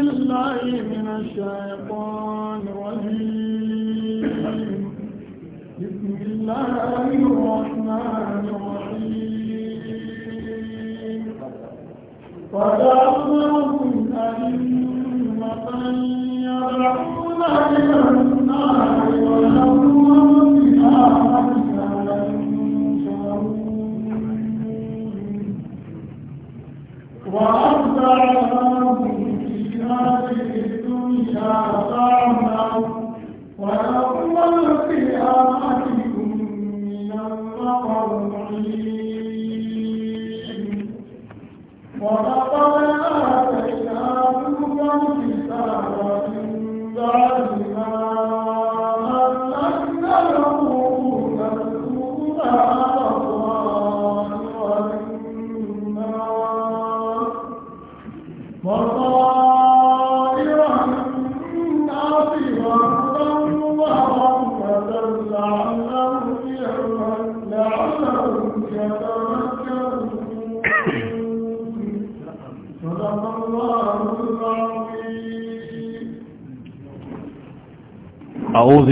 بالله من الشيطان الرجيم بسم الله الرحمن الرحيم فدعوهم أئمة يدعون إلى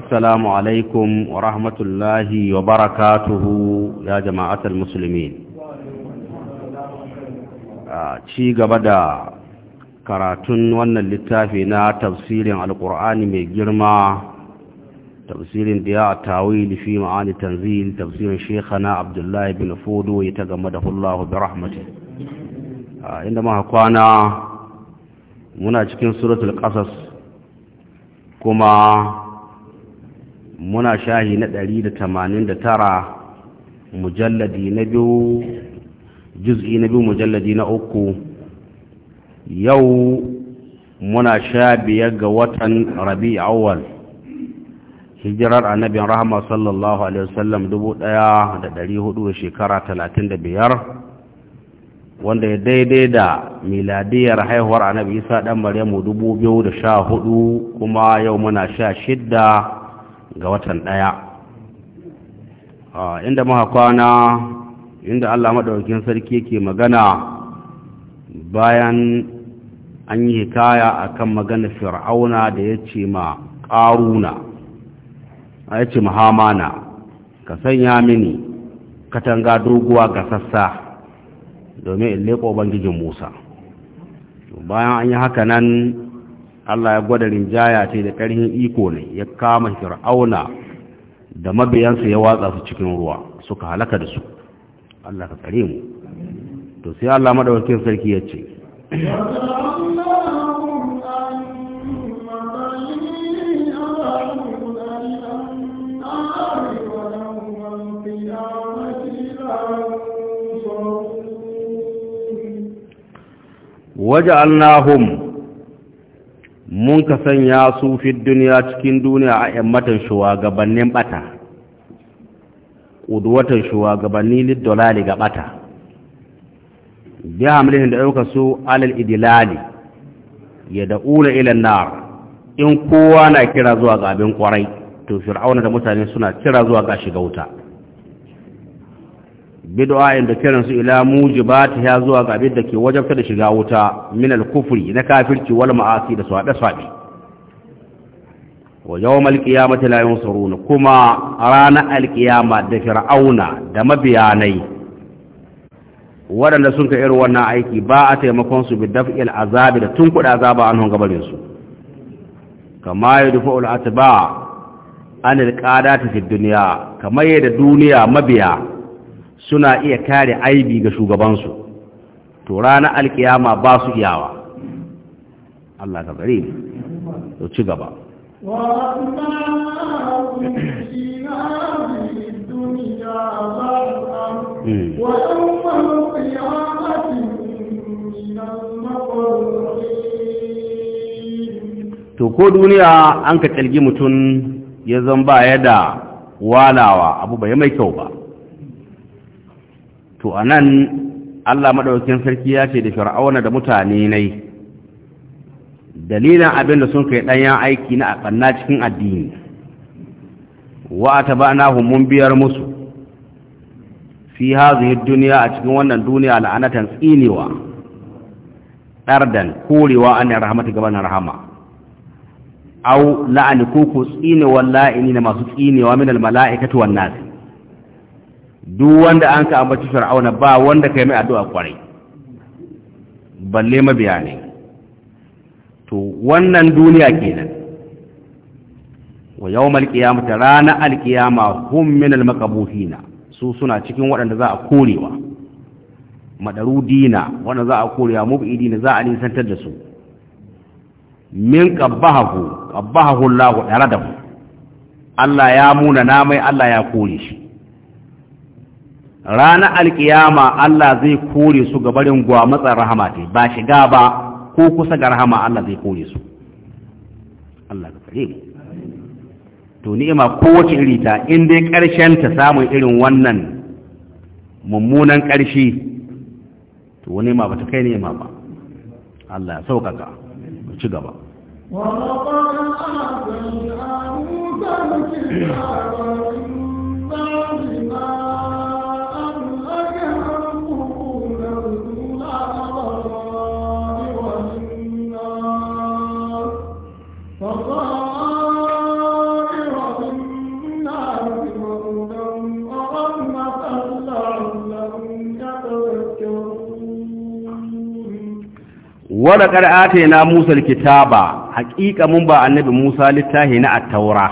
alaikum rahmatullahi wa ورحمة ya وبركاته يا A ci gaba da karatun wannan littafi na tafsirin alkur'ani mai girma tafsirin da ya tawili fi ma'ani tanzil tafsirin shekhana abdullahi bin fodo ta game da hullahu da rahmati inda maha kwana muna cikin suratul ƙasas kuma muna shahi na ɗari da da tara mujalladi na biyu juz'i na biyu mujalladi na uku yau muna sha biyar ga watan rabi awal hijirar annabin rahama sallallahu alaihi wasallam dubu ɗaya da ɗari hudu shekara talatin da biyar wanda ya daidai da miladiyar haihuwar annabi isa dan maryamu dubu biyu da sha hudu kuma yau muna sha shidda ga watan ɗaya inda muka kwana inda Allah maɗaukin sarki ke magana bayan an yi hikaya kan magana fir'auna da ya ce ma ƙaruna ya ce mahamana ka sanya mini katanga doguwa ga sassa domin in leƙo ubangijin musa bayan an yi haka nan Allah ya gwada rinjaya ce da ƙarhin iko ne ya kama fir'auna da mabiyansa ya watsa su cikin ruwa suka halaka da su Allah ka tsare mu to sai Allah madaukakin sarki ya ce allahun mun ka sanya su fi duniya cikin duniya a yammatan shugabannin bata ƙuduwatan shugabanni liddolali ga bata biya hamlin da ɗauka su alal idilali ya da'ula ilan nar in kowa na kira zuwa ga abin ƙwarai, to fir'auna da mutane suna kira zuwa ga shiga wuta bid'a'in da kiransu ila mujibati ya zuwa ga abin da ke wajabta da shiga wuta min al-kufri na kafirci wal ma'asi da swade swade wa yawm al-qiyamati la yunsarun kuma rana al-qiyama da fir'auna da mabiyanai waɗanda sun ka irin wannan aiki ba a taimakon su bi al azabi da tun kuɗa azaba an hon gabarin su kama yadfu al-atba an al-qadati fi dunya kamar yadda duniya mabiya suna iya kare aibi ga shugabansu to ranar alkiyama ba su iyawa Allah ka bari to ci gaba hmm. to ko duniya an ka kalgi mutum ya zan ba ya da walawa abu bai mai kyau ba to a nan allah maɗaukin sarki ya ce da shara'auna da mutane nai dalilin abin da sun kai ɗanyen aiki na a cikin addini wa ta ba na mun biyar musu fi hazihi duniya a cikin wannan duniya la'anatan tsinewa ɗardan korewa an yi rahamata gabanin rahama au la'ani ko ku tsinewa la'ini na masu tsinewa min al-mala'ikatu wan nasi duk wanda an ka ambaci fir'auna ba wanda kai mai addu'a kwarai balle mabiya ne to wannan duniya kenan wa yawmal qiyamati rana alqiyama hum min almaqbuthina su suna cikin waɗanda za a korewa dina waɗanda za a korewa mubidina za a nisantar da su min qabbahu qabbahu Allah mu. Allah ya muna namai Allah ya kore shi Rana alkiyama Allah zai kore su ga barin gwamatsar rahama ta ba shiga ba ko kusa ga rahama Allah zai kore su Allah ka tsare mu to ni'ima kowace iri ta in dai karshen ta samu irin wannan mummunan ƙarshe to wani ma ba ta kai ni'ima ba Allah ya sauƙaƙa mu ci gaba وَلَقَدْ آتَيْنَا مُوسَى الْكِتَابَ wala qara'ata na Musa alkitaba haqiqa mun ba annabi Musa littahi na at-taura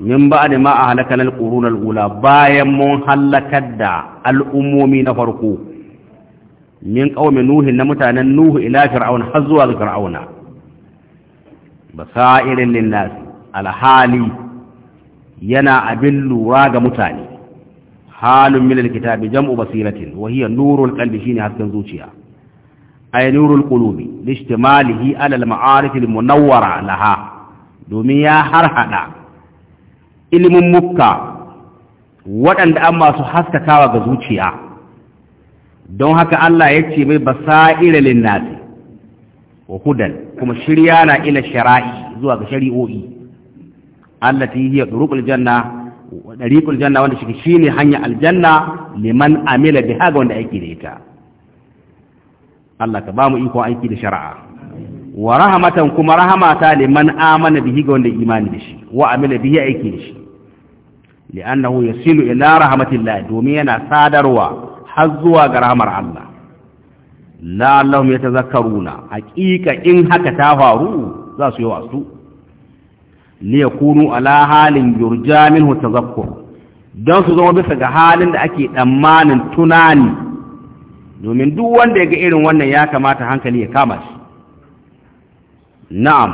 min ba'd ma ahlakana al-qurun al-ula bayan mun halakar da al'ummomi na farko min qaumi nuhi na mutanen nuhu ila fir'aun har zuwa fir'auna basairin linnas alhali yana abin lura ga mutane halun min alkitabi jam'u basiratin wa hiya nurul qalbi shine hasken zuciya ay nurul qulubi lishtimalihi ala al-ma'arif al-munawwara laha domin ya harhada ilimin mukka waɗanda an masu haskakawa ga zuciya don haka Allah ya ce mai basa'ira linnasi wa hudan kuma shirya na ila shara'i zuwa ga shari'o'i allati hiya turuqul janna dariqul janna wanda shi shine hanya aljanna liman amila bi ga wanda yake da ita Allah ka ba mu ikon aiki da shari'a wa rahmatan kuma rahamata liman amana bihi ga wanda imani da shi wa amila bihi aiki da shi li'annahu yasilu ila rahmatillah domin yana sadarwa har zuwa ga rahmar Allah la Allahum yatazakkaruna haqiqa in haka ta faru za su yi wasu li yakunu ala halin yurja minhu tazakkur don su zama bisa ga halin da ake tsammanin tunani domin duk wanda ya ga irin wannan ya kamata hankali ya kama shi na'am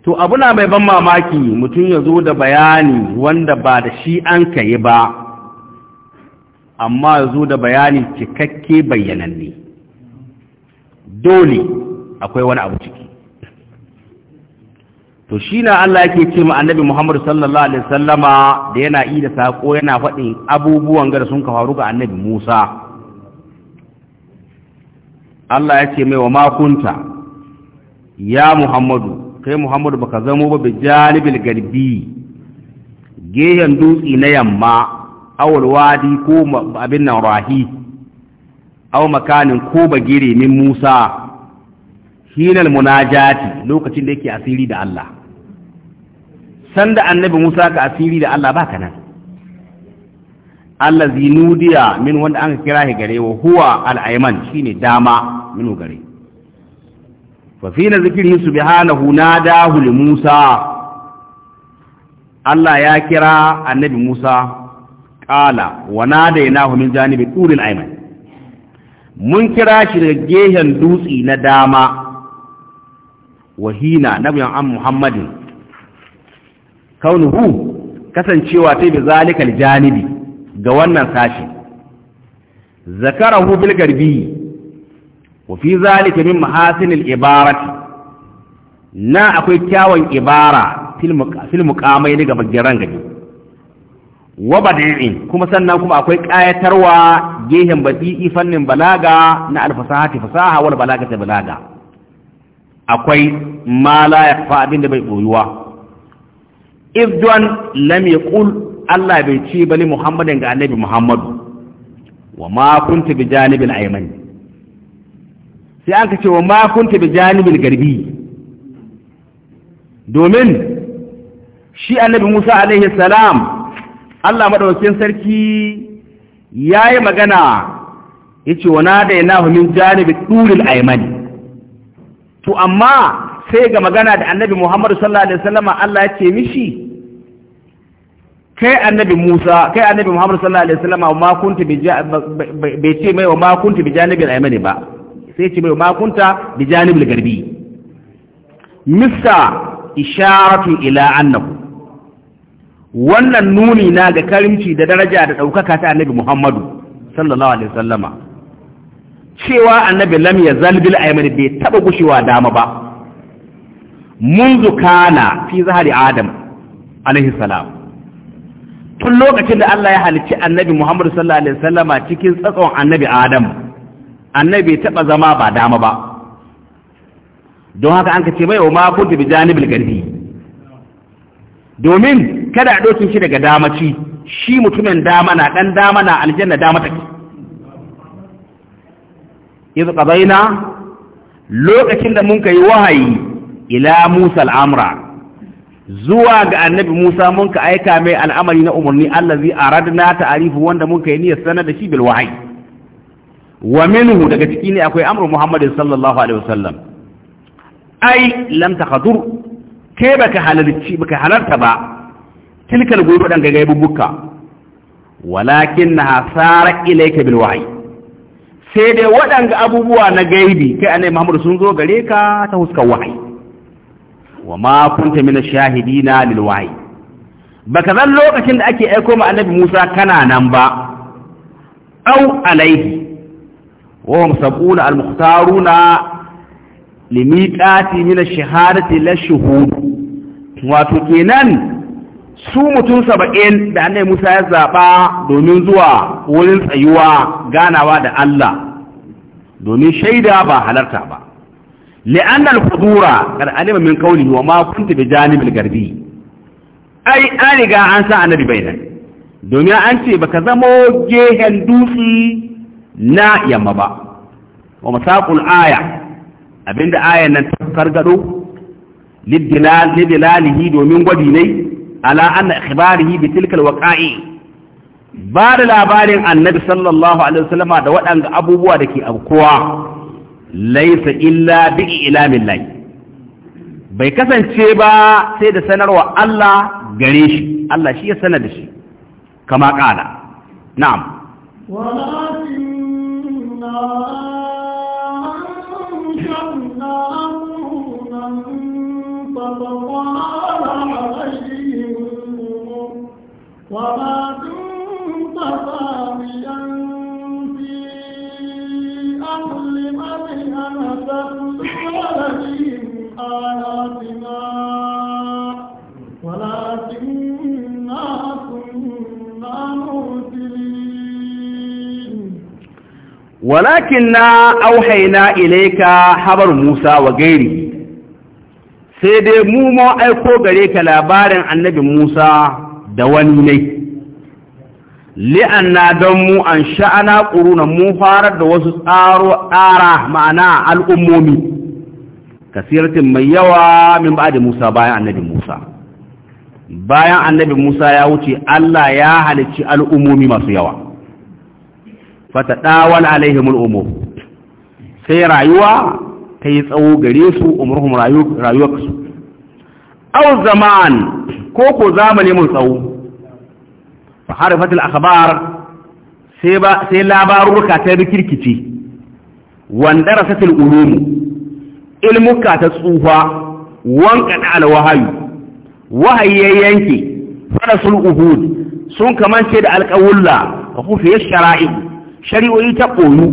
to abuna mai ban mamaki mutum ya zo da bayani wanda ba da shi an ka ba amma ya zo da bayanin cikakke bayyananne dole akwai wani abu ciki to shi na Allah yake ce ma annabi Muhammad sallallahu alaihi sallama da yana yi da saƙo yana faɗin abubuwan gada sun ka faru ga annabi Musa Allah ya ce mai wa makunta ya Muhammadu kai Muhammadu baka zamo ba bi janibil garbi gehen dutsi na yamma awul wadi ko abin nan rahi aw makanin ko bagire min Musa hinal munajati lokacin da yake asiri da Allah sanda annabi Musa ka asiri da Allah baka nan Allah zinudiya min wanda an kira shi gare wa huwa al shine dama minu gare fa fi na zikrihi subhanahu nadahu li Musa Allah ya kira annabi Musa qala wa nadaynahu min janibi turil ayman mun kira shi daga gehen dutsi na dama wahina nabiyan an muhammadin kaunuhu kasancewa ta bi zalikal janibi ga wannan sashi zakarahu bil garbi wa fi zalika min mahasinil ibarati na akwai kyawun ibara fil muqamai ne ga bagiran gari wa badi'in kuma sannan kuma akwai ƙayatarwa gehen badi'i fannin balaga na alfasahati fasaha wal balaga ta balaga akwai ma la fa abinda bai boyuwa don lam yaqul Allah bai ce bali Muhammadin ga Annabi Muhammadu wa ma kunta bi janibil ayman sai an ce wa ma kunta bi janibil garbi domin shi Annabi Musa alaihi salam Allah madaukakin sarki yayi magana yace wana da yana min janibi duril aymani to amma sai ga magana da Annabi Muhammad sallallahu alaihi wasallam Allah ya ce mishi kai Annabi Musa kai Annabi Muhammad sallallahu alaihi wasallam ma kunta bi bai ce mai wa kunta bi janibi aymani ba sai ce mai wa kunta bi janibil garbi mista isharatu ila annahu wannan nuni na ga karimci da daraja da ɗaukaka ta annabi Muhammadu sallallahu alaihi wasallama cewa annabi lam ya zalbil ayman bai taba gushewa dama ba munzu kana fi zahari adam alaihi salam tun lokacin da Allah ya halicci annabi Muhammadu sallallahu alaihi wasallama cikin tsatson annabi adam annabi bai taba zama ba dama ba don haka an ka ce mai wa ma kuntu bi janibil garbi domin kada a ɗaukin shi daga damaci shi mutumin dama na ɗan dama na aljanna dama take izu ƙazaina lokacin da mun ka yi wahayi ila musa al'amura zuwa ga annabi musa mun ka aika mai al'amari na umarni allazi a radina ta'arifu wanda mun ka yi niyyar sanar da shi bil wahayi wa minhu daga ciki ne akwai amru muhammadin sallallahu alaihi wasallam ai lam takhadur kai baka halarci baka halarta ba tilkal guyub dan gagai bubbuka walakin na sara ilayka sai dai waɗanda abubuwa na gaibi kai anai Muhammad sun zo gare ka ta huskar wahayi. wa ma kunta min ash-shahidina lil wahyi baka zan lokacin da ake aiko ma annabi Musa kana nan ba au alaihi wa hum sab'una al-mukhtaruna limiqati min ash-shahadati la shuhud wato kenan su mutum saba'in da annai musa ya zaɓa domin zuwa wurin tsayuwa ganawa da Allah domin shaida ba halarta ba li'annal hudura kad alima min kauli wa ma kunta bi al garbi ai an riga an sa annabi bainan domin an ce baka zamo gehen dutsi na yamma ba wa masaqul aya abinda ayan nan ta kargado lidilalihi domin gwadi ne ala anna ikhbarihi bi tilka ba da labarin annabi sallallahu alaihi wasallama da waɗanda abubuwa da ke abkuwa laisa illa bi ilamin lai bai kasance ba sai da sanarwa Allah gare shi Allah shi ya sanar da shi kama ƙala na'am وَلَٰكِنَّا وما كنت ثانيا في أهل مريم تتلو عليهم آياتنا ولكننا كنا مرسلين ولكننا أوحينا إليك حبر موسى وغيره sai dai mu ma aiko gare ka labarin annabi Musa da wani ne li'anna don mu an sha'ana ƙuruna mu farar da wasu tsaro tsara ma'ana al'ummomi kasiratin mai yawa min ba da musa bayan annabi musa bayan annabi musa ya wuce allah ya halicci al'ummomi masu yawa fata ɗawal alaihimul umur sai rayuwa ta yi tsawo gare su umarhum rayuwarsu au zaman ko ko zamani mun tsawo fa harifatul akhbar sai ba sai labaruka ta bikirkici wanda rasatul ulum ilmuka ta tsufa wankada alwahayu wahayi yanke farasul uhud sun kamance da alƙawulla fa kufiya shara'i shari'o'i ta koyu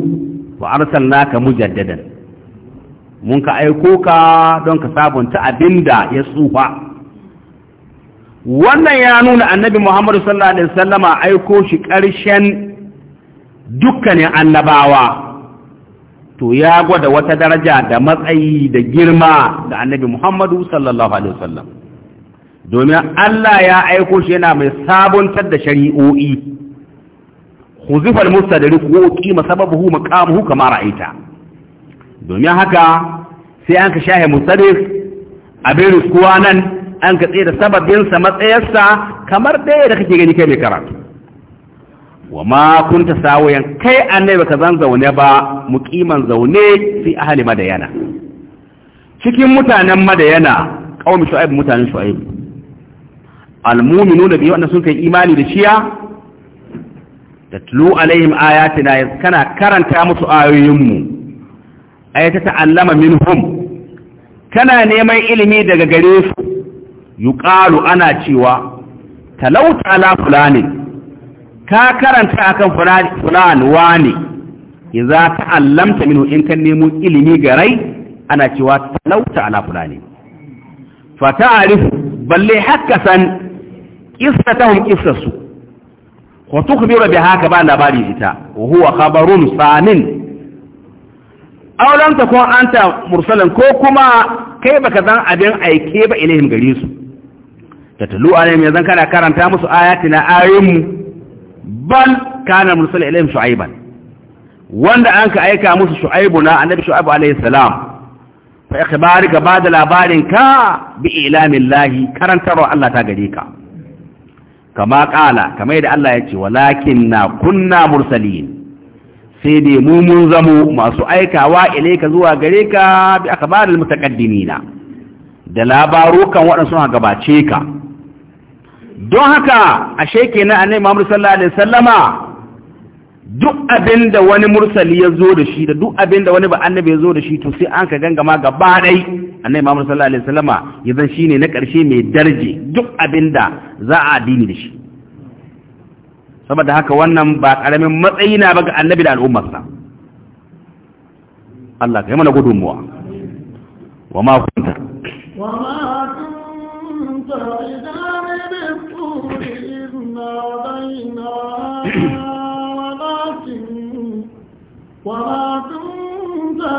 wa arsalnaka mujaddadan mun ka aiko ka don ka sabunta abinda ya tsufa wannan ya nuna annabi muhammadu sallallahu alaihi wasallama aiko shi ƙarshen dukkanin annabawa to ya gwada wata daraja da matsayi da girma da annabi muhammadu sallallahu alaihi wasallam domin allah ya aiko shi yana mai sabuntar da shari'o'i huzifar musta da rikuwa ƙima sababu makamuhu kamar ra'aita domin haka sai an ka shahe a Berus kuwa nan an ka tsaye da sababinsa matsayarsa kamar ɗaya da kake gani kai mai karatu wa ma kun ta sawoyan kai annai baka zan zaune ba mukiman zaune fi ahali madayana cikin mutanen madayana kawai shu'aib mutanen shu'aib almu'minuna da biyu wanda sun kai imani da shiya tatlu alaihim ayatina kana karanta musu ayoyinmu A ay ta ta'allama minhum kana neman ilimi daga gare su yuqalu ana cewa talauta ala fulani ka karanta akan fulani wani idza ta'allamta minhu in kan nemo ilimi garai ana cewa talauta ala fulani fa ta'rifu balle hakka san qissatahum qissasu wa tukhbiru bihaka ba labari ita wa huwa khabarun samin auren ta an anta Mursala ko kuma kai baka zan abin aike ba ilaihim gare su tatalu alaihim yanzu kana karanta musu ayatina ayoyinmu bal kana mursal ilaihim shu'aiban wanda an ka aika musu na annabi shu'aibu alaihi salam fa ikhbarika da labarin ka bi ilamillahi karantarwa Allah ta gare ka kama kala kamar yadda Allah ya ce walakin na kunna mursalin sai dai mu mun zamo masu aikawa ilaika zuwa gare ka bi akhbaril mutaqaddimina da labarukan waɗansu suna gabace ka don haka ashe kenan annabi Muhammad sallallahu alaihi wasallama duk abinda wani mursali ya zo da shi da duk abinda wani ba annabi ya zo da shi to sai an ka gangama gaba dai annabi Muhammad sallallahu alaihi wasallama yanzu shine na ƙarshe mai darje duk abinda za a addini da shi saboda haka wannan ba karamin matsayi na ba ga annabi da al'ummarsa Allah ka yi mana gudunmuwa wa ma kunta wa ma kunta idan bi idna bayna wa ma kunta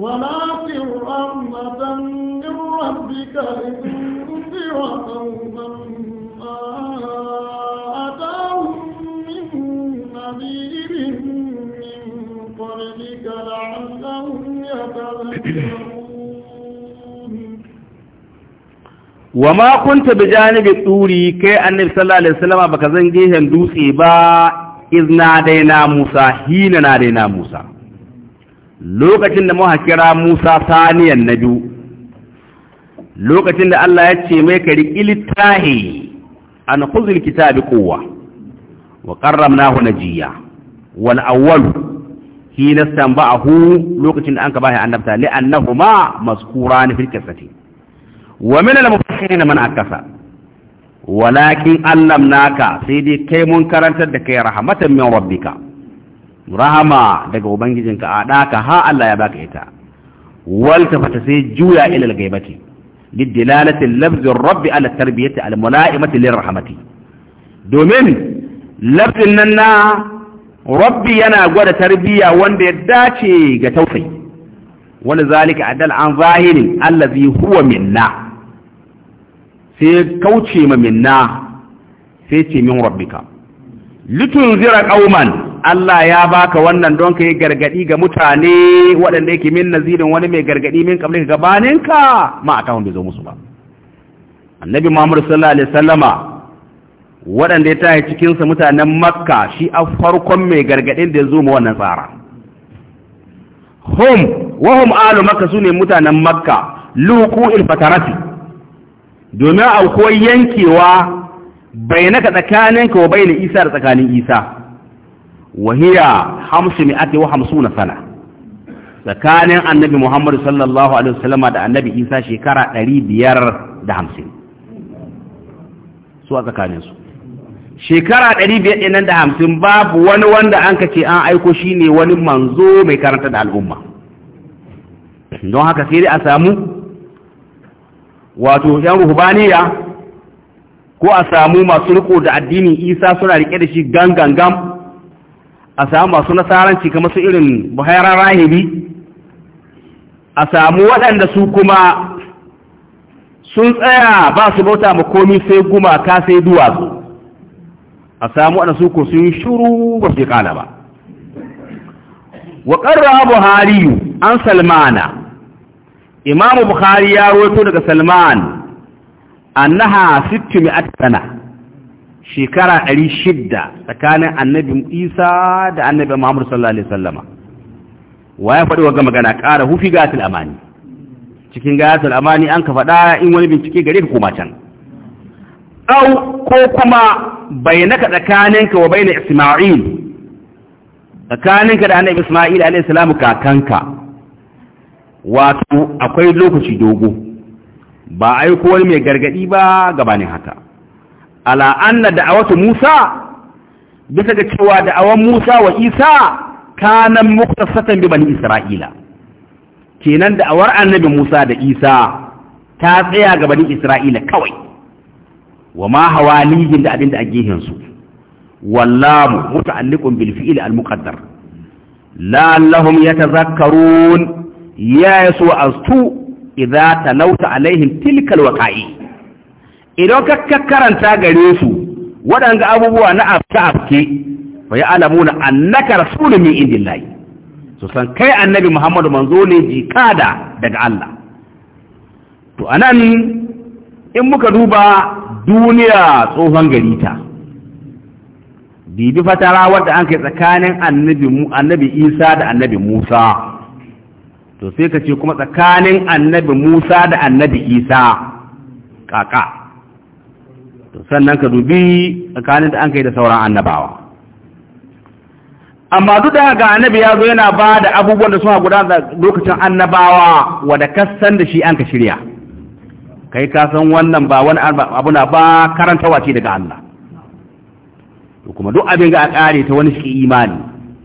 ولكن رحمة من ربك لتنذر قوما ما أتاهم من نذير من قبلك لعلهم يتذكرون وما كنت بجانب الطور كي النبي صلى الله عليه وسلم بكذا جيهن دوسي با إذ نادينا موسى حين نادينا موسى lokacin da muka kira Musa saniyan na biyu lokacin da Allah ya ce mai ka riƙi littahi an khuzul kitabi kowa, wa qarramnahu najiya wal awwal hina stanba'ahu lokacin da an ka bashi annabta ma annahuma mazkurani fil sati, wa min al mufassirin man akasa walakin naka, sai dai kai mun karantar da kai rahmatan min rabbika rahama daga ubangijinka a ɗaka ha Allah ya ka ita walta fata sai juya ilal gaibati lidilalatin lafzin rabbi ala tarbiyyati al mula'imati lir rahamati domin lafzin nan na rabbi yana gwada tarbiyya wanda ya dace ga tausayi wani zalika adal an zahirin allazi huwa minna sai kauce ma minna sai ce min rabbika litun zira kauman Allah ya baka wannan don ka yi gargadi ga mutane waɗanda yake min nazirin wani mai gargadi min kamar gabaninka ma a kawon bai zo musu ba annabi Muhammadu sallallahu alaihi wasallama waɗanda ya tashi cikinsa mutanen Makka shi a farkon mai gargadin da ya zo mu wannan tsara hum wa alu makka ne mutanen Makka luku il fatarati domin akwai yankewa bai bainaka tsakaninka wa na Isa da tsakanin Isa وهي خمس mi'ati وخمسون سنة فكان tsakanin annabi muhammadu sallallahu alaihi وسلم da annabi isa shekara ɗari biyar da hamsin su a shekara ɗari biyar da hamsin babu wani wanda an ka ce an aiko shi ne wani manzo mai karanta da al'umma don haka sai dai a samu wato yan rubaniya ko a samu masu riko da addinin isa suna rike da shi gangan gam a samu masu nasaranci kamar su irin buhairar rahibi a samu waɗanda su kuma sun tsaya ba su bauta ma komi sai gumaka sai duwatsu a samu waɗanda su ko sun shuru ba su ba wa buhari an salmana imamu buhari ya roto daga salman annaha 600 sana shekara ɗari shidda tsakanin annabi isa da annabi muhammadu sallallahu alaihi sallama wa ya faɗi wagga magana ƙara hufi gatil amani cikin gatil amani an ka faɗa in wani bincike gare ka koma can ɗau ko kuma bai naka tsakaninka wa na isma'il tsakaninka da annabi isma'il alaihi salamu kakanka wato akwai lokaci dogo ba aiko wani mai gargaɗi ba gabanin haka ala anna da'awatu Musa bisa ga cewa da'awan Musa wa Isa kanan muktasatan bi bani Isra'ila kenan da'awar annabi Musa da Isa ta tsaya ga bani Isra'ila kawai wa ma hawalihin da abinda a gehen su wallahu muta'alliqun bil fi'l al muqaddar la lahum yatazakkarun ya yasu astu idza talawta alaihim tilka al waqa'i idan ka karanta gare su waɗanda abubuwa na afta afke fa ya na annaka rasulun min indillahi su san kai annabi muhammadu manzo ne jikada daga Allah to anan in muka duba duniya tsohon gari ta bibi fatara wadda an kai tsakanin annabi isa da annabi musa to sai ka ce kuma tsakanin annabi musa da annabi isa kaka sannan ka dubi tsakanin da an kai da sauran annabawa amma duk da ga annabi ya zo yana ba da abubuwan da suna da lokacin annabawa wadda kasan da shi an ka shirya kai ka san wannan ba wani abu na ba karantawa ce daga Allah to kuma duk abin ga a kare ta wani shi imani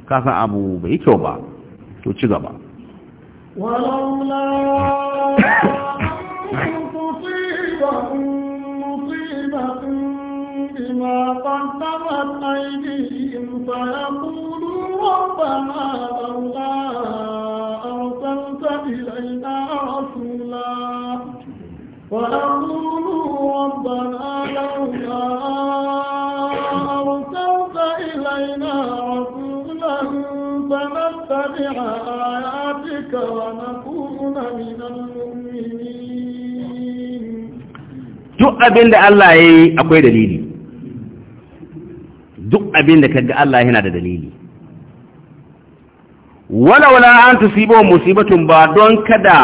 ka san abu bai kyau ba to ci gaba ولولا بحق بما قدمت أيديهم فيقولوا ربنا لولا أرسلت إلينا رسولا ويقولوا ربنا لولا أرسلت إلينا رسولا فنتبع آياتك ونكون من المؤمنين duk abin da Allah ya yi akwai dalili duk abin da kaga Allah yana da dalili wala wala an tusibo musibatun ba don kada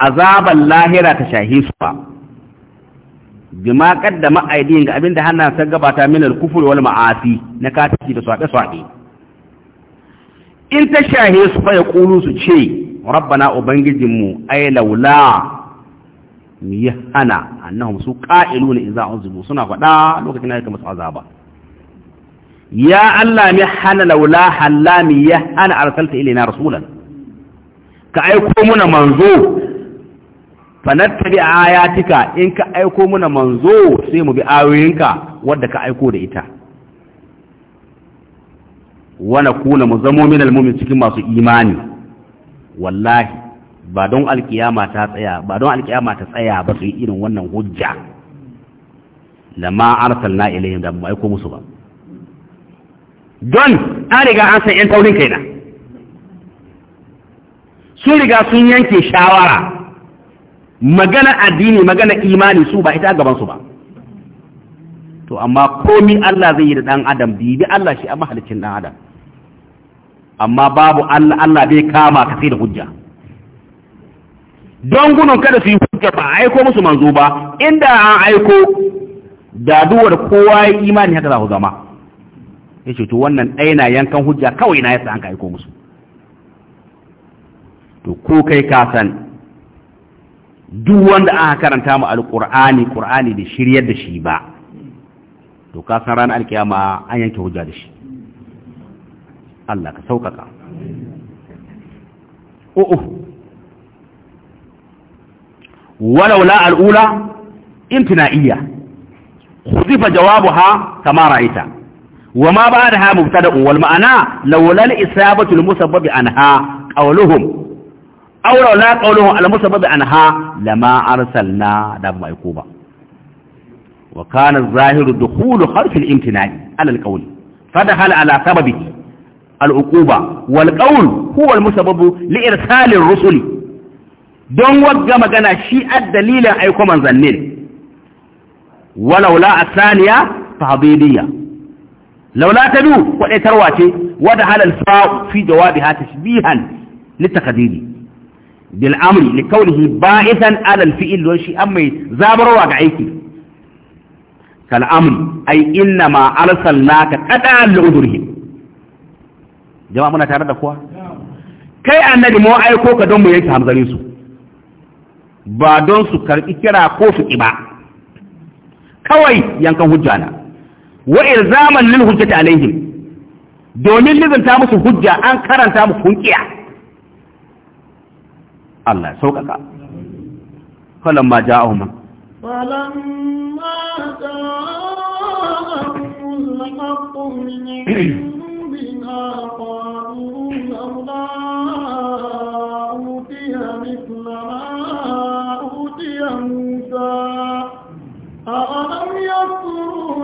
azaban lahira ta shahi su ba bima qaddama aidin ga abin da hannan gabata min al wal ma'asi na katiki da swabe swabe in ta shahi su fa yaqulu su ce rabbana ubangijinmu ay laula mi ya hana annahum su qa'iluna idza uzibu suna faɗa lokacin da aka azaba ya Allah mi hana laula halla mi ya hana arsalta na rasulan ka aiko muna manzo fanattabi ayatika in ka aiko muna manzo sai mu bi ayoyinka wadda ka aiko da ita wana kuna mu zamo min almumin cikin masu imani wallahi ba don alkiyama ta tsaya ba don alkiyama ta tsaya ba su yi irin wannan hujja lama na ilayhim da aiko musu ba don an riga an san yan taurin kaina su riga sun yanke shawara magana addini magana imani su ba ita gaban su ba to amma komi Allah zai yi da dan adam bibi Allah shi a mahalicin dan adam amma babu Allah Allah bai kama ka sai da hujja don gudun kada su yi hujja ba aiko musu manzo ba inda an aiko da duwar kowa ya imani haka za ku zama ya ce to wannan ɗaya na yankan hujja kawai na yasa an aiko musu to ko kai ka san duk wanda aka karanta mu alqur'ani qur'ani da shiryar da shi ba to ka san ranar alkiyama an yanke hujja da shi Allah ka saukaka oh. ولولا الأولى امتنائية خذف جوابها كما رأيت وما بعدها مبتدأ والمعنى لولا الإسابة المسبب عنها قولهم أو لولا قولهم المسبب عنها لما أرسلنا دابما يقوبا وكان الظاهر الدخول خلف الامتناع على القول فدخل على سببه العقوبة والقول هو المسبب لإرسال الرسل don wagga magana shi dalilin aiko manzannin walaula a saniya tahdidiyya laula ta biyu kwadaitarwa ce wadda halal fa'u fi jawabi ha tashbihan litakadiri bil amri li kaunihi ba'isan alal fi'il don shi an mai zabarwa ga aiki kal amri ai inna ma ka qadan li udurihim jama'a muna tare da kowa kai annabi mu aiko ka don mu yanke hamzarin su ba don su karbi kira ko su ba kawai yankan hujja na wa ilzaman lil hujjati alaihim domin lizinta musu hujja an karanta mu kunkiya Allah saukaka falamma ja'ahum falamma ja'ahum al-haqqu min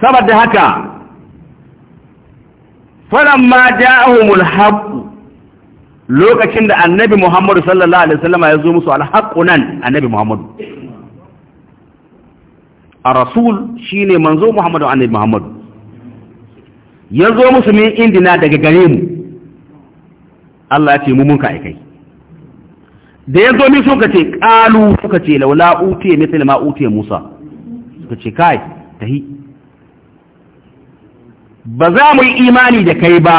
saboda haka falamma ja'ahumul haqq lokacin da annabi Muhammadu sallallahu alaihi wasallam ya zo musu alhaqqu nan annabi Muhammadu a rasul shi ne manzo Muhammadu annabi Muhammadu ya zo musu min indina daga gare mu Allah ya ce mu mun kai kai da ya zo min suka ce ƙalu, suka ce laula utiya mithla ma utiya Musa suka ce kai tahi ba za mu yi imani da kai ba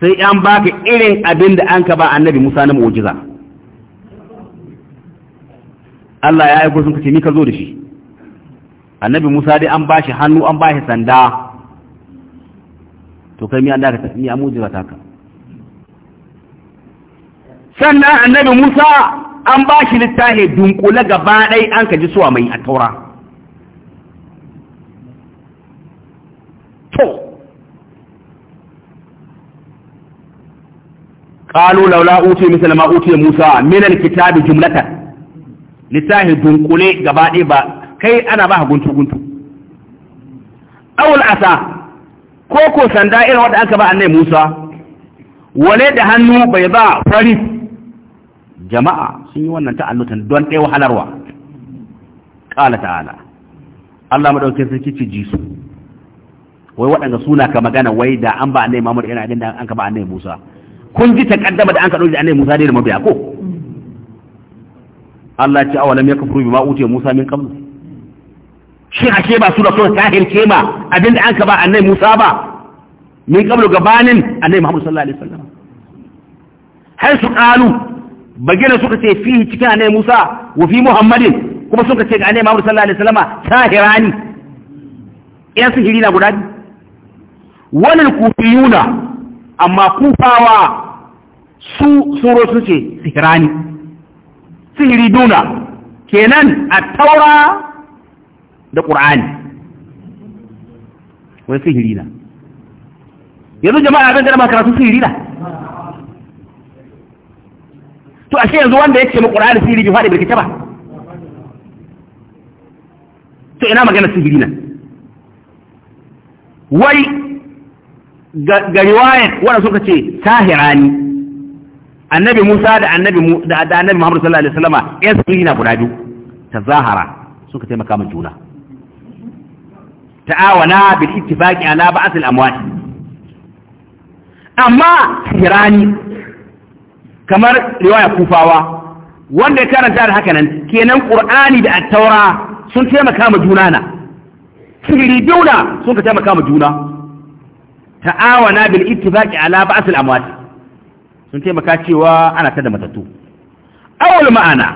sai an baka irin abin da an ka ba annabi Musa na mu'jiza Allah ya yi sun kace ni ka zo da shi annabi Musa dai an bashi hannu an bashi sanda to kai mi an da ka ni mu'jiza ta ka sannan annabi Musa an bashi littafi dunkule gaba ɗaya an ka ji suwa mai a taura kyau kalu laula uti misal ma uti musa min alkitabi jumlatan litahi dunkule gaba ɗaya ba kai ana ba guntu guntu awul asa ko ko sanda irin wanda aka ba annai musa wale da hannu bai ba fari jama'a sun yi wannan ta'allutan don ɗaya wahalarwa ƙala ta'ala Allah maɗauke sarki ci jisu wai waɗanda suna ka magana wai da an ba annai Muhammad yana abin da an ka ba annai Musa kun ji takaddama da an ka dauki annai Musa dai da mabiya ko Allah ya ce awalam yakfuru bima utiya Musa min qabl shin ashe ba su da so tahirce ma abin da an ka ba annai Musa ba min qablu gabanin annai Muhammad sallallahu alaihi wasallam har su qalu bagina suka ce fi cikin annai Musa wa fi Muhammadin kuma suka ce ga annai Muhammad sallallahu alaihi wasallama tahirani yan sihiri na guda biyu wani kufiyuna amma kufawa su suro suke sihirani sihiri duna kenan a taura da ƙur'ani wani sihiri na yanzu jama'a zan jama'a karatu sihiri na to ashe yanzu wanda ya ce mu ƙur'ani sihiri bai faɗi birkice ba to ina magana sihiri na wai ga riwayan wanda suka ce tahirani annabi Musa da annabi da annabi Muhammad sallallahu alaihi wasallam ya su na guda biyu zahara suka taimaka ma juna ta'awana bil ittifaqi ala ba'th al amwat amma tahirani kamar riwaya kufawa wanda ya karanta da haka nan kenan qur'ani da at-taura sun taimaka ma juna na sirri biyu na sun ka taimaka ma juna ta'awana bil ittifaqi ala ba'sil amwat sun taimaka cewa ana tada matattu awal ma'ana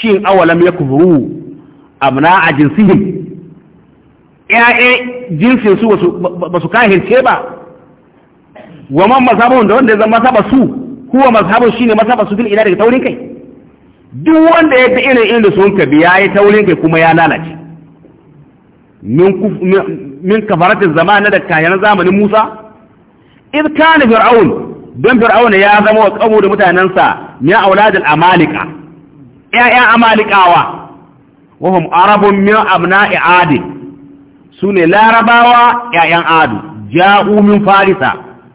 shin awalam yakfuru abna a jinsihim ya'e jinsin su basu kahirce ba wa man mazhabun da wanda ya zama saba su huwa mazhabun shine mazhaba su fil ila daga taurin kai duk wanda ya ta irin inda sun ka biya ya taurin kai kuma ya lalace min zama na da kayan zamanin Musa? Iska kana Fir'aun don Fir'aun ya zama wa kabo da mutanensa ya auladul amalika ƴaƴan amalikawa wa hum arabun min abna'i adi sune larabawa ƴaƴan adu ja'u min farisa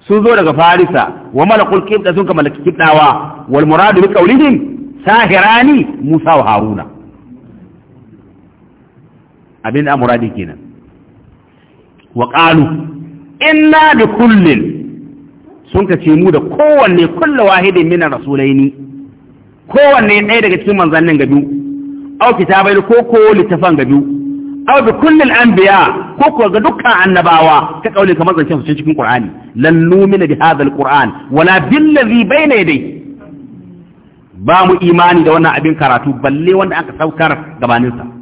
sun zo daga farisa wa malakul qibda sun kamala qibdawa wal muradu bi qawlihim sahirani Musa wa Haruna abin da muradi kenan wa qalu inna bi kullin sun ka ce mu da kowanne kullu wahidin min rasulaini kowanne ɗaya daga cikin manzannin ga biyu aw kitabai ko ko littafan ga biyu aw bi kullil anbiya ko ko ga dukkan annabawa ka kaule kamar zancen su cikin qur'ani lan numina bi hadha alquran wala billazi bayna yadayhi ba mu imani da wannan abin karatu balle wanda aka saukar gabaninsa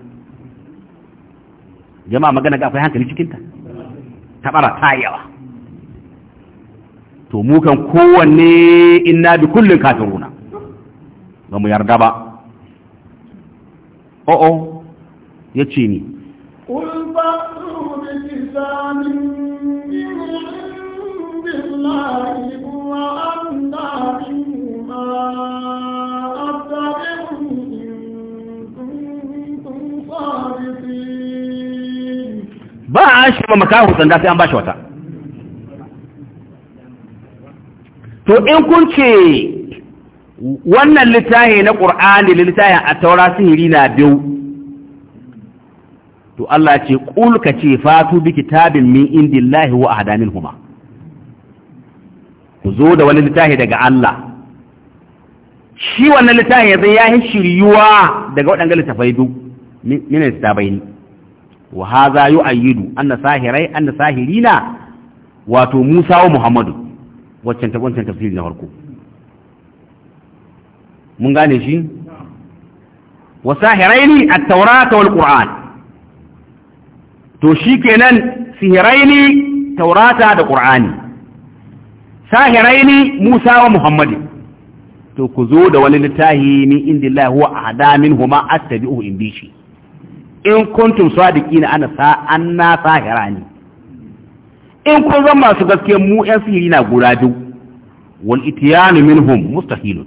jama'a magana ga akwai hankali cikinta tabara ta yawa to mu kan kowanne inna bi kullin kafiruna ba mu yarda ba o'o oh, oh. ya ce ni قل فأتوا بكتاب من عند الله ba a an shi ba makahu sanda sai an ba shi wata to in kun ce wannan littahi na ƙur'ani littafin a taura sihiri na biyu to Allah ce ƙul ka ce fatu bi kitabin min indillahi wa ahdamin huma ku zo da wani littafi daga Allah shi wannan littahi yanzu ya yi shiryuwa daga waɗanda littafai biyu min littafai wa haza yu'ayyidu anna sahirai anna sahirina wato Musa wa Muhammadu waccan ta wancan tafsiri na farko mun gane shi wa sahiraini a taurata wal qur'an to shi shikenan sihiraini taurata da qur'ani sahiraini Musa wa Muhammadu to ku zo da wani littafi min indillahi huwa ahada minhuma attabi'uhu in bi shi in kuntum sadiqina ana sa anna sahirani in kun zan masu gaske mu yan sihiri na guda biyu wal itiyanu minhum mustahilun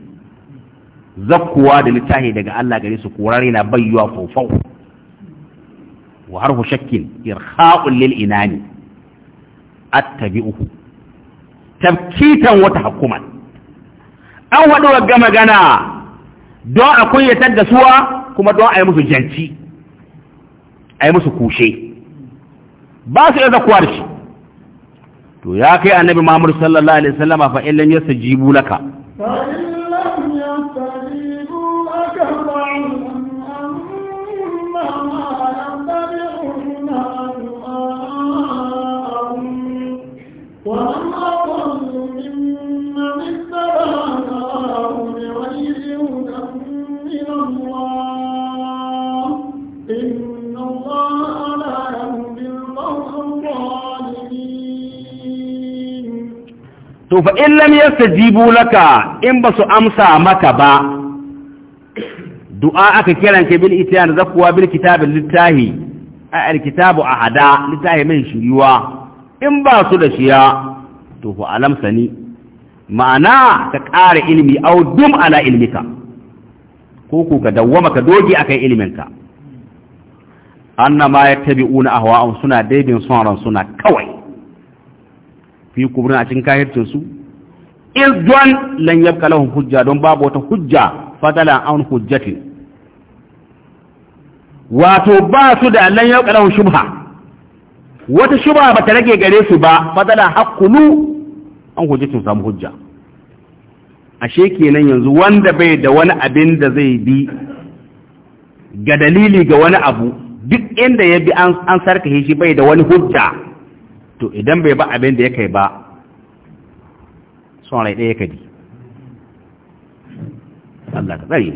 zakkuwa da littahi daga Allah gare su kurare na bayyuwa fofau wa harfu shakkin irkha'un lil inani attabi'uhu tabkitan wata hukuman an wadu ga magana don a yatar da suwa kuma don a yi musu janci ai musu kushe ba su iya zakuwa da shi to ya kai annabi Muhammad sallallahu alaihi wasallama fa in lam yastajibu laka to fa in lam yastajibu laka in basu amsa maka ba du'a aka kiran ke bil itiyan zakwa bil kitab littahi a alkitabu ahada littahi min shiriwa in ba su da shiya to fa alam sani ma'ana ka ƙara ilimi aw dum ala ilmika ko ku ka dawwama ka doge akan iliminka annama yattabi'una ahwa'un suna daidin son ran suna kawai fi kubrin a cikin kahircinsu su lan yabka lahum hujja don babu wata hujja fadala an hujjati wato ba su da lan yabka lahum shubha wata shubha ba ta rage gare su ba fadala haqqulu an hujjatin samu hujja ashe kenan yanzu wanda bai da wani abin da zai bi ga dalili ga wani abu duk inda ya bi an sarkahe shi bai da wani hujja to idan bai ba abin da ya kai ba son rai ɗaya di. Allah ka tsari.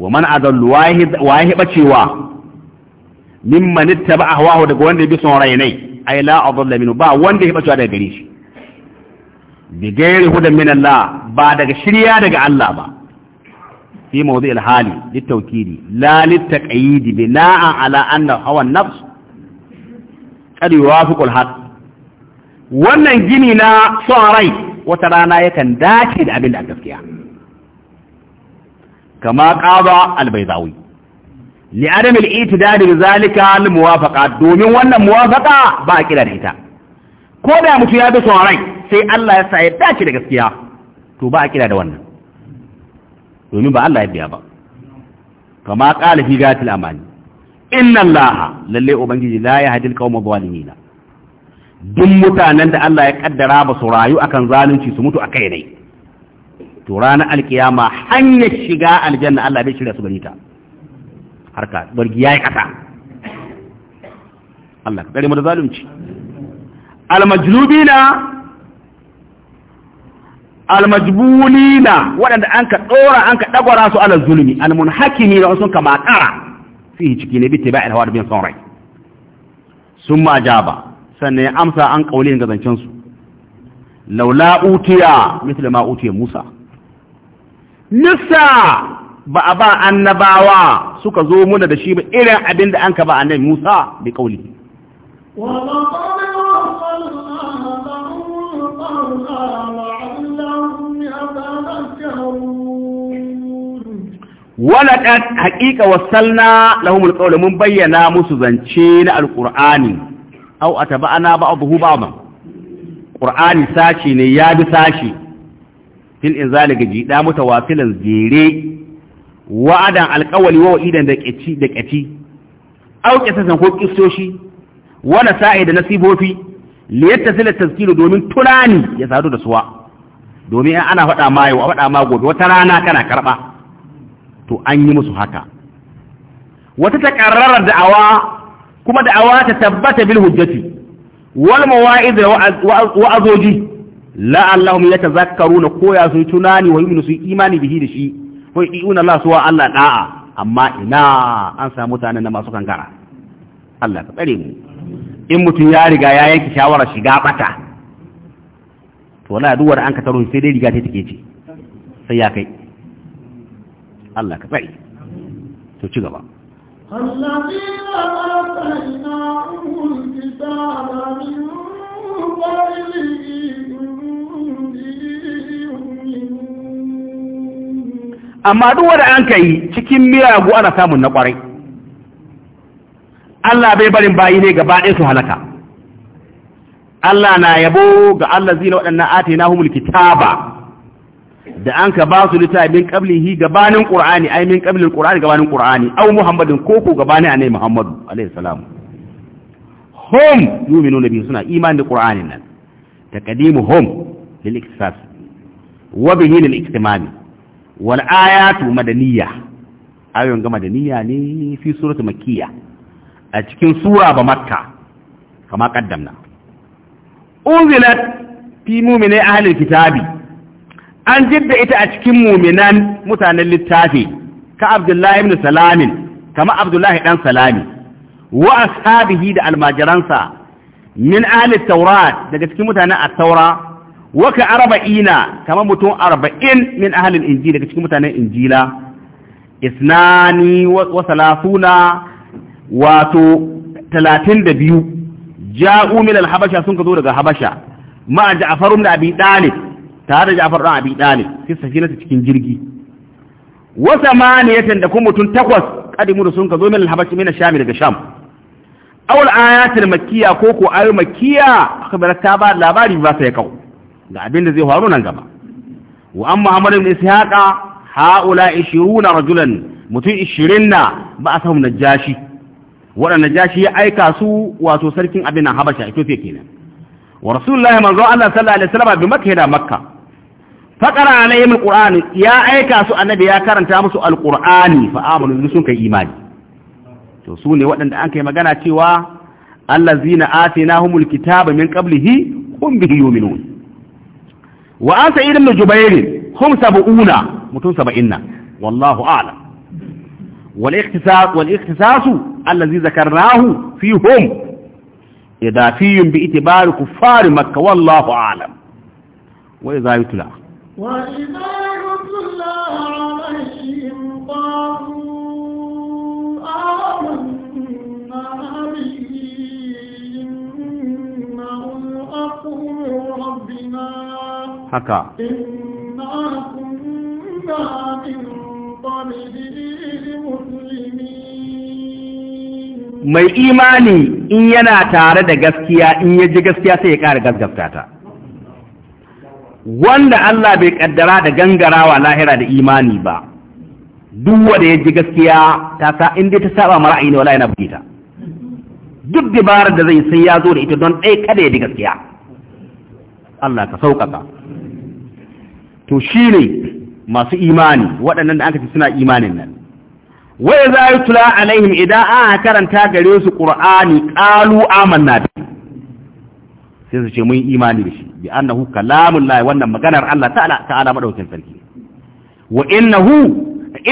wa man adallu wa ya hiba cewa ba a ahwahu daga wanda ya bi son rai nai ai la adalla minhu ba wanda ya hiba cewa daga gari shi bi gairi hudan min Allah ba daga shirya daga Allah ba fi mawdi al hali litawkidi la litaqayidi bina'an ala anna hawa an-nafs qad yuwafiqul haqq wannan gini na son rai wata rana yakan dace da abin da gaskiya kama qaba al-baydawi li adam al-i'tidad bi zalika al-muwafaqa domin wannan muwafaqa ba kira da ita ko da mutu ya bi son rai sai Allah ya sa ya dace da gaskiya to ba kira da wannan domin ba Allah ya biya ba kama qala fi gatil amani inna Allah lalle ubangiji la yahdi al-qawma zalimin duk mutanen da Allah ya kaddara ba su rayu akan zalunci su mutu akai ne to ranar alkiyama hanyar shiga aljanna Allah bai shirya su gari ta harka bargi yayi kasa Allah ka tsare mu da zalunci al-majlubina waɗanda an ka ɗora an ka ɗagwara su ala zulmi al-munhakimi da sun kama ƙara fihi ciki ne bitte ba'il hawa da bin son rai sun ma jaba sannan ya amsa an kaulin ga zancen su laula utiya misali ma utiya musa nissa ba a ba annabawa suka zo muna da shi ba irin abin da an ka ba annabi musa bai kauli walaɗat haƙiƙa wasalna lahumul qawla mun bayyana musu zance na alqur'ani ba ataba'ana ba'dahu ba'dan ƙur'ani sashi ne ya bi sashi fil inzali ga jida mutawasilan jere wa'adan alqawli wa wa'idan da ƙaci da ƙaci aw sassan, ko kistoshi wala sa'i da nasibofi li yattasila tazkiru domin tunani ya sadu da suwa domin ana faɗa mayo a faɗa ma gobe wata rana kana karɓa to an yi musu haka wata ta ƙarrarar da'awa kuma da'awa ta tabbata bil hujjati wal mawa'iz wa'azoji la'allahum yatazakkaruna ko ya su tunani wa yu'minu su imani bihi da shi ko yi'una Allah suwa Allah da'a amma ina an samu mutanen na masu kankara Allah ka tsare mu in mutum ya riga ya yanke shawarar shiga bata to wala duwar an ka taro sai dai riga ta take ce sai ya kai Allah ka tsari to ci gaba amma duk wanda an kai cikin miyagu ana samun na kwarai Allah bai barin bayi ne gaba ɗaya su halaka Allah na yabo ga Allah zina waɗannan ati na humul kitaba da an ka ba su littafi min qablihi gabanin qur'ani ai min qablil qur'ani gabanin qur'ani aw muhammadin ko ko gabanin annabi muhammadu alaihi salam hum yu'minuna bihi suna imani da qur'ani nan hum lil iktisas wa bihi lil iktimali wal ayatu madaniyah ayon ga madaniyah ne fi surati makkiyah a cikin sura ba makka kama kaddamna unzilat fi mu'mini ahli kitabi an jidda ita a cikin muminan mutanen littafi ka abdullahi ibn salamin kama abdullahi dan salami wa ashabihi da almajiransa min ahli taurat daga cikin mutanen at-taura wa ka arba'ina kama mutum arba'in min ahli injil daga cikin mutanen injila isnani wa salasuna wato talatin da biyu ja'u min al-habasha sun ka zo daga habasha ma ja'far ibn abi talib tare da Ja'far dan Abi Talib fi safinata cikin jirgi wa samaniyatan da kuma mutum takwas kadimu da sun ka zo min al-habashi min ash-sham daga sham awal ayatul makkiya ko ko ayu makkiya akhbarat ta ba labari ba sai kau ga abin da zai faru nan gaba wa amma Muhammad ibn Ishaqa haula 20 rajulan mutum 20 na ba a asahum najashi waɗanda jashi ya aika su wato sarkin abin nan habasha ito kenan wa rasulullahi manzo Allah sallallahu alaihi wasallam bi makka da makka faƙara alayhim alqur'ani ya aika su annabi ya karanta musu Alƙur'ani fa amanu sun kai imani to su ne waɗanda an kai magana cewa Allah na atinahumul kitaba min qablihi hum bihi yu'minun wa an sa'id ibn jubair hum sab'una mutum 70 wallahu a'lam والاختصاص والاختصاص الذي ذكرناه فيهم إضافي باعتبار كفار مكة والله أعلم وإذا يتلى وإذا يتلى عليهم mai imani in yana tare da gaskiya in ya ji gaskiya sai ya ƙara gaskata ta wanda Allah bai kaddara da gangarawa lahira da imani ba duk wanda ya ji gaskiya ta sa in dai ta saba ma ra'ayi ne wallahi na buge duk dibar da zai sai ya zo da ita don ɗaya kada ya ji gaskiya Allah ka ka. to shine masu imani waɗannan da aka ce suna imanin nan wai za yi tula alaihim idan an karanta gare su ƙur'ani ƙalu amanna da sai su ce mun imani da shi bi annahu kalamullah wannan maganar Allah ta'ala ta'ala madaukin sarki wa innahu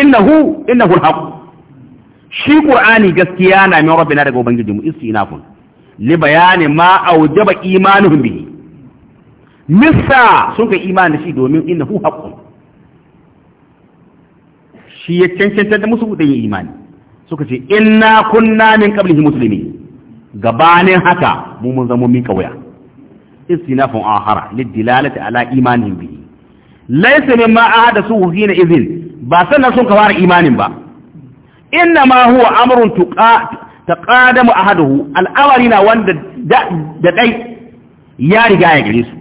innahu innahu alhaq shi qur'ani gaskiya na min rabbina daga Ubangiji mu ubangijinmu kun? li bayani ma aujaba imanuhum bihi missa sun kai imani shi domin innahu haqqun shi ya cancanta da musu da imani suka ce inna kunna min qablihi muslimin gabanin haka mu mun zama min kauya istinafun ahara lidilalati ala imanin bihi laysa ba sannan sun ka fara imanin ba inna ma huwa amrun tuqa taqadamu ahaduhu al'amari na wanda da ya riga ya gare su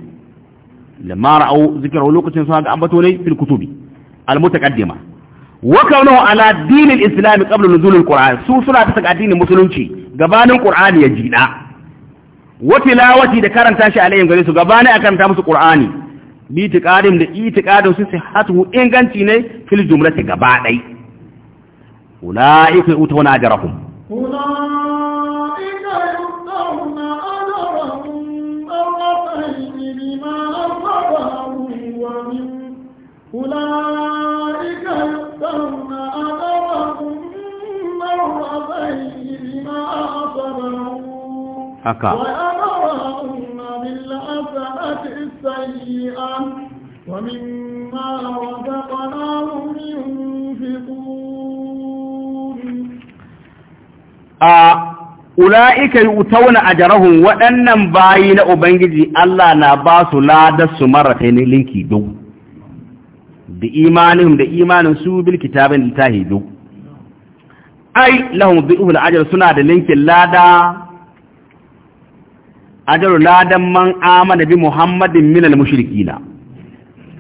lamma ra'au zikru lokacin sun ga ambato ne fil kutubi al mutaqaddima wa kaunahu ala dinil islam su suna ta addinin musulunci gabanin kur'ani ya jida wa tilawati da karanta shi alaihim gare su gabani a karanta musu qur'ani bi tiqadim da itiqadin su sihhatu inganci ne fil jumlati gaba dai ulaika utuna ajrahum ulaika yu'tuna ajrahum marratayn bima asabahu wa min ulaika yu'tuna ajrahum marratayn bima asabahu haka ومما رزقناهم ينفقون ula'ika yu'tawna ajrahum waɗannan bayi na ubangiji Allah na ba su ladar su marata ne linki duk bi imanihim da imanin su bil kitabin litahi duk ai lahum bi'ul ajr suna da linkin lada ajar, ladan man amana bi muhammadin minal na.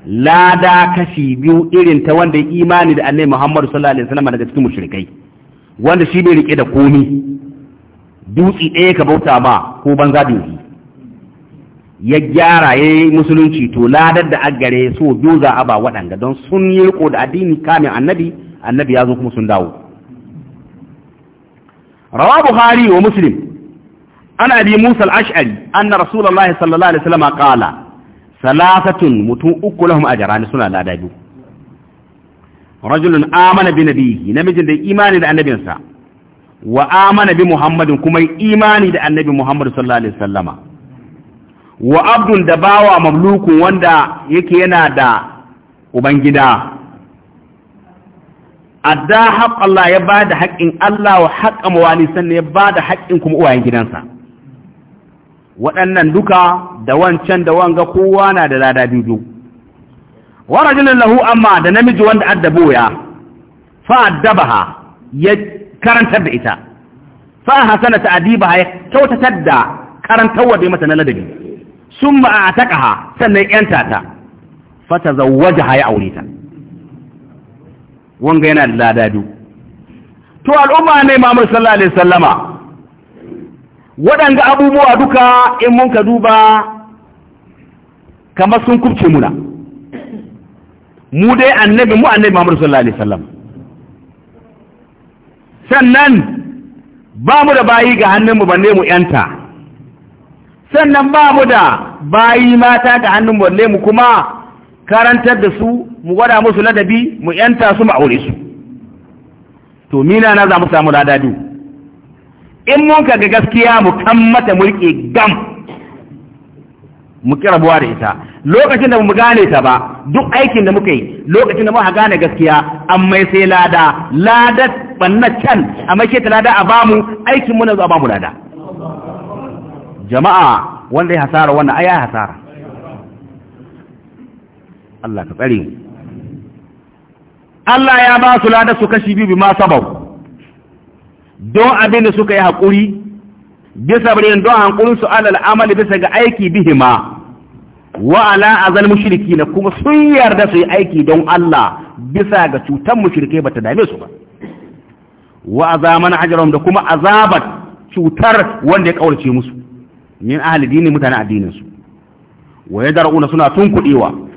lada kashi biyu irin ta wanda ya imani da annabi Muhammadu sallallahu alaihi wasallam daga cikin mushrikai wanda shi bai rike da komi dutsi ɗaya ka bauta ba ko banza dutsi ya gyara ya yi musulunci to ladar da aggare so biyu za a ba waɗanda don sun yi riko da addini kamin annabi annabi ya zo kuma sun dawo rawa buhari wa muslim ana bi musa al-ash'ari anna rasulullahi sallallahu alaihi wasallam qala salasatun mutum uku lahum ajrani suna lada biyu rajulun amana bi nabiyhi namijin da imani da annabinsa wa amana bi muhammadin kuma imani da annabi muhammad sallallahu alaihi wasallama wa abdun da bawa mamlukun wanda yake yana da ubangida adda haƙ Allah ya ba da haƙƙin Allah wa haƙƙa mawali sannan ya ba da haƙƙin kuma uwayen gidansa waɗannan duka da wancan da wanga kowa na da lada biyu wa rajulun lahu amma da namiji wanda addabo ya fa addabaha ya karantar da ita fa hasana ta'dibaha ya kyautatar da karantarwa da mata na ladabi Sun summa ataqaha sannan yanta ta fa tazawwajaha ya aure ta wanga yana da lada biyu to al'umma ne Muhammad sallallahu alaihi sallama. waɗanda abubuwa duka in mun ka duba kamar sun kubce muna mu dai annabi mu annabi Muhammad sallallahu alaihi sallam. sannan ba mu da bayi ga hannunmu balle mu yanta sannan ba mu da bayi mata ga hannun balle mu kuma karantar da su mu gwada musu ladabi mu yanta su ma aure su to mina na za mu samu ladabi in mun kaga gaskiya mu kan mata mulki gam mu buwa da ita lokacin da mu gane ta ba duk aikin da muka yi lokacin da mu gane gaskiya an mai sai lada lada banna can a mai ta lada a bamu aikin mu na zuwa bamu lada jama'a wanda ya hasara wannan ai ya hasara Allah ka tsare Allah ya ba su lada su kashi biyu bi ma sabau don abin da suka yi haƙuri bisa bari don hankulin su alal amali bisa ga aiki bihima wa ala azal mushriki na kuma sun yarda su yi aiki don Allah bisa ga cutan mushrike ba ta dame su ba wa azaman ajram da kuma azabat cutar wanda ya kaurace musu min ahli dini mutane addininsu. su wa yadaruna suna tunkudewa